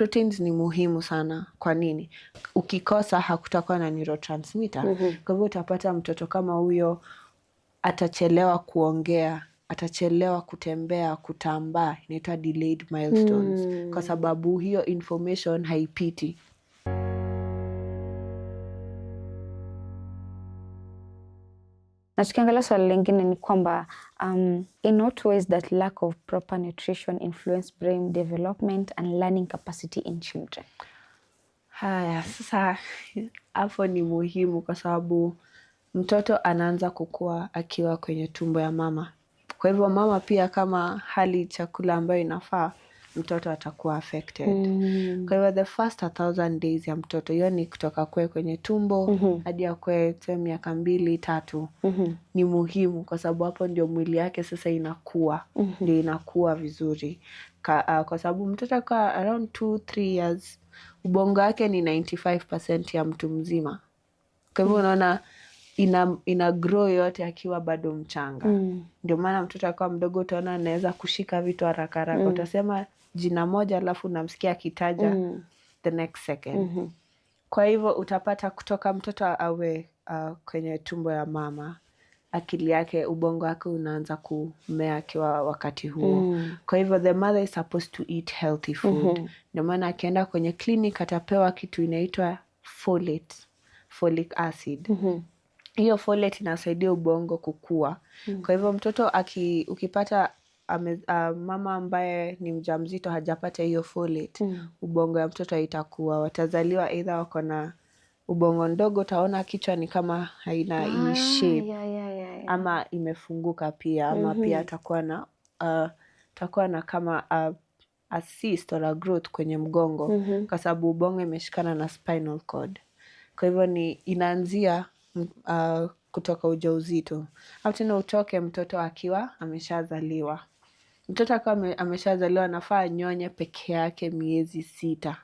Proteins ni muhimu sana. Kwa nini? Ukikosa hakutakuwa na neurotransmitter. Mm -hmm. Kwa hivyo utapata mtoto kama huyo atachelewa kuongea, atachelewa kutembea, kutambaa, inaitwa delayed milestones. Mm. Kwa sababu hiyo information haipiti. Na tukiangalia swala lingine ni kwamba um, in not ways that lack of proper nutrition influence brain development and learning capacity in children. Haya, sasa hapo ni muhimu kwa sababu mtoto anaanza kukua akiwa kwenye tumbo ya mama, kwa hivyo mama pia kama hali chakula ambayo inafaa mtoto atakuwa affected mm. Kwa hiyo the first 1000 days ya mtoto hiyo ni kutoka kwe kwenye tumbo mm -hmm. hadi akwe miaka mbili tatu mm -hmm. ni muhimu kwa sababu hapo ndio mwili yake sasa inakuwa mm -hmm. ndio inakuwa vizuri ka, uh, kwa sababu mtoto akawa around 2 3 years ubongo wake ni 95% ya mtu mzima, kwa hivyo unaona mm -hmm ina, ina grow yote akiwa bado mchanga mm. Ndio maana mtoto akiwa mdogo utaona anaweza kushika vitu haraka haraka mm. Utasema jina moja alafu unamsikia akitaja mm. the next second mm -hmm. Kwa hivyo utapata kutoka mtoto awe uh, kwenye tumbo ya mama akili yake ubongo wake unaanza kumea akiwa wakati huo mm. Kwa hivyo the mother is supposed to eat healthy food mm -hmm. Ndio maana akienda kwenye clinic atapewa kitu inaitwa folate, folic acid mm -hmm hiyo folate inasaidia ubongo kukua. Mm. Kwa hivyo mtoto aki, ukipata ame, a, mama ambaye ni mja mzito hajapata hiyo folate mm. ubongo ya mtoto haitakuwa, watazaliwa aidha wako na ubongo ndogo, utaona kichwa ni kama haina ah, shape yeah, yeah, yeah. ama imefunguka pia ama mm -hmm. pia atakuwa na uh, takuwa na kama uh, a or a growth kwenye mgongo mm -hmm. kwa sababu ubongo imeshikana na spinal cord, kwa hivyo ni inaanzia uh, kutoka ujauzito au tena utoke mtoto akiwa ameshazaliwa. Mtoto akiwa ameshazaliwa anafaa anyonye peke yake miezi sita,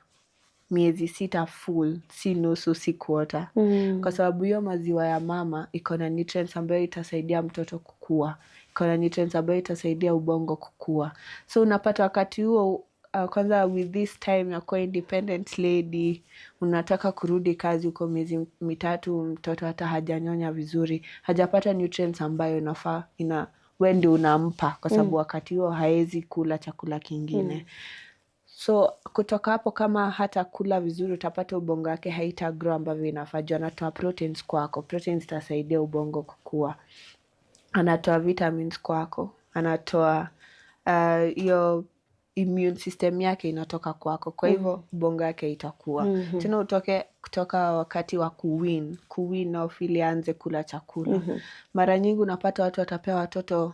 miezi sita full, si nusu, si kuota mm. kwa sababu hiyo maziwa ya mama iko na nutrients ambayo itasaidia mtoto kukua, iko na nutrients ambayo itasaidia ubongo kukua. So unapata wakati huo uh, kwanza with this time kuwa independent lady, unataka kurudi kazi huko miezi mitatu, mtoto hata hajanyonya vizuri, hajapata nutrients ambayo inafaa ina we ndio unampa kwa sababu mm. wakati huo haezi kula chakula kingine mm. So kutoka hapo, kama hata kula vizuri, utapata ubongo wake haita grow ambavyo inafaa. Juu anatoa proteins kwako, proteins itasaidia ubongo kukua, anatoa vitamins kwako, anatoa uh, hiyo uh, immune system yake inatoka kwako, kwa hivyo mm. -hmm. bongo yake itakuwa mm -hmm. tena utoke kutoka wakati wa kuwin kuwin na ufili anze kula chakula mm -hmm. mara nyingi unapata watu watapea watoto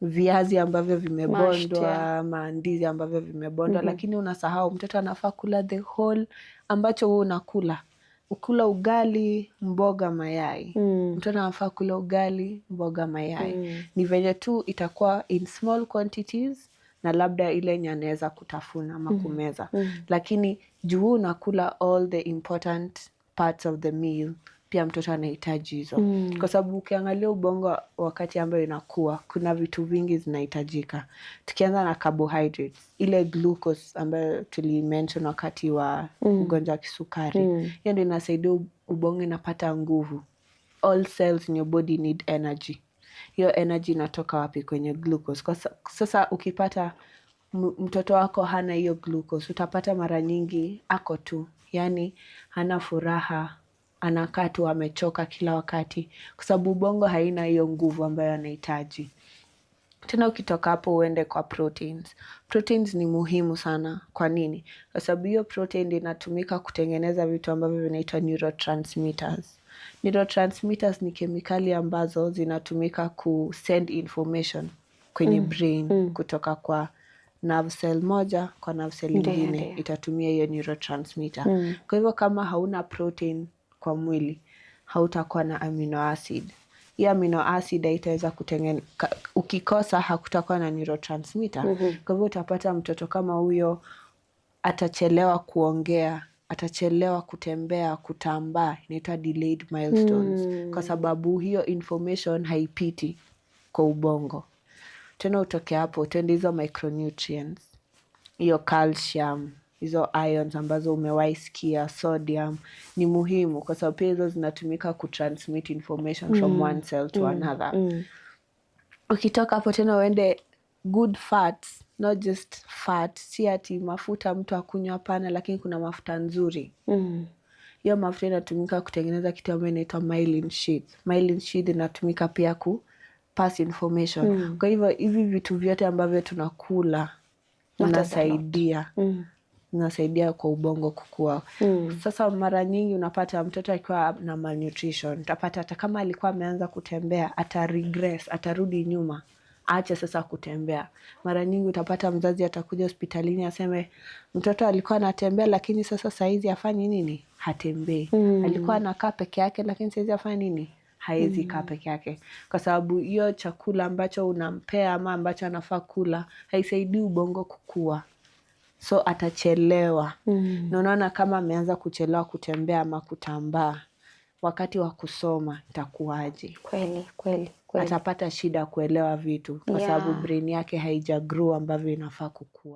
viazi ambavyo vimebondwa, maandizi ambavyo vimebondwa mm -hmm. lakini unasahau mtoto anafaa kula the whole ambacho huu unakula ukula ugali, mboga, mayai mm. Mtoto anafaa kula ugali, mboga, mayai mm. Ni venye tu itakuwa in small quantities na labda ile nye anaweza kutafuna ama mm-hmm. kumeza mm -hmm. Lakini juu unakula all the important parts of the meal pia mtoto anahitaji hizo mm. Kwa sababu ukiangalia ubongo wakati ambayo inakuwa kuna vitu vingi zinahitajika, tukianza na carbohydrates, ile glucose ambayo tulimention wakati wa mm. ugonjwa wa kisukari mm. hiyo mm. ndo inasaidia ubongo inapata nguvu. All cells in your body need energy hiyo energy inatoka wapi? Kwenye glucose. Kwa sasa ukipata mtoto wako hana hiyo glucose, utapata mara nyingi ako tu, yani hana furaha, anakaa tu amechoka kila wakati, kwa sababu ubongo haina hiyo nguvu ambayo anahitaji. Tena ukitoka hapo uende kwa proteins. Proteins ni muhimu sana. Kwa nini? Kwa sababu hiyo protein inatumika kutengeneza vitu ambavyo vinaitwa neurotransmitters. Neurotransmitters ni kemikali ambazo zinatumika send information kwenye mm. brain mm. kutoka kwa nerve cell moja kwa nerve cell nyingine itatumia hiyo neurotransmitter. Mm. Kwa hivyo kama hauna protein kwa mwili hautakuwa na amino acid hiyo amino acid itaweza kutengen, ukikosa hakutakuwa na neurotransmitter mm -hmm. Kwa hivyo utapata mtoto kama huyo atachelewa kuongea, atachelewa kutembea, kutambaa, inaitwa delayed milestones mm. Kwa sababu hiyo information haipiti kwa ubongo. Tena utoke hapo, twende hizo micronutrients, hiyo calcium hizo ions ambazo umewahi skia sodium ni muhimu kwa sababu pia hizo zinatumika kutransmit information mm. from one cell to mm. another mm. Ukitoka hapo tena uende good fats, not just fat. Si ati mafuta mtu akunywa, hapana, lakini kuna mafuta nzuri mm. Hiyo mafuta inatumika kutengeneza kitu ambayo inaitwa myelin sheath. Myelin sheath inatumika pia ku pass information mm. Kwa hivyo hivi vitu vyote ambavyo tunakula unasaidia mm zinasaidia kwa ubongo kukua. Mm. Sasa mara nyingi unapata mtoto akiwa na malnutrition, utapata hata kama alikuwa ameanza kutembea ata regress, atarudi nyuma aache sasa kutembea. Mara nyingi utapata mzazi atakuja hospitalini aseme mtoto alikuwa anatembea, lakini sasa saizi afanye nini? Hatembei. Mm. Alikuwa anakaa peke yake, lakini saizi afanye nini? Haezi mm. kaa hmm. peke yake, kwa sababu hiyo chakula ambacho unampea ama ambacho anafaa kula haisaidii ubongo kukua so atachelewa mm. na kama ameanza kuchelewa kutembea ama kutambaa, wakati wa kusoma itakuwaje? Kweli, kweli, kweli. Atapata shida kuelewa vitu kwa yeah. sababu brain yake gru ambavyo inafaa kukua.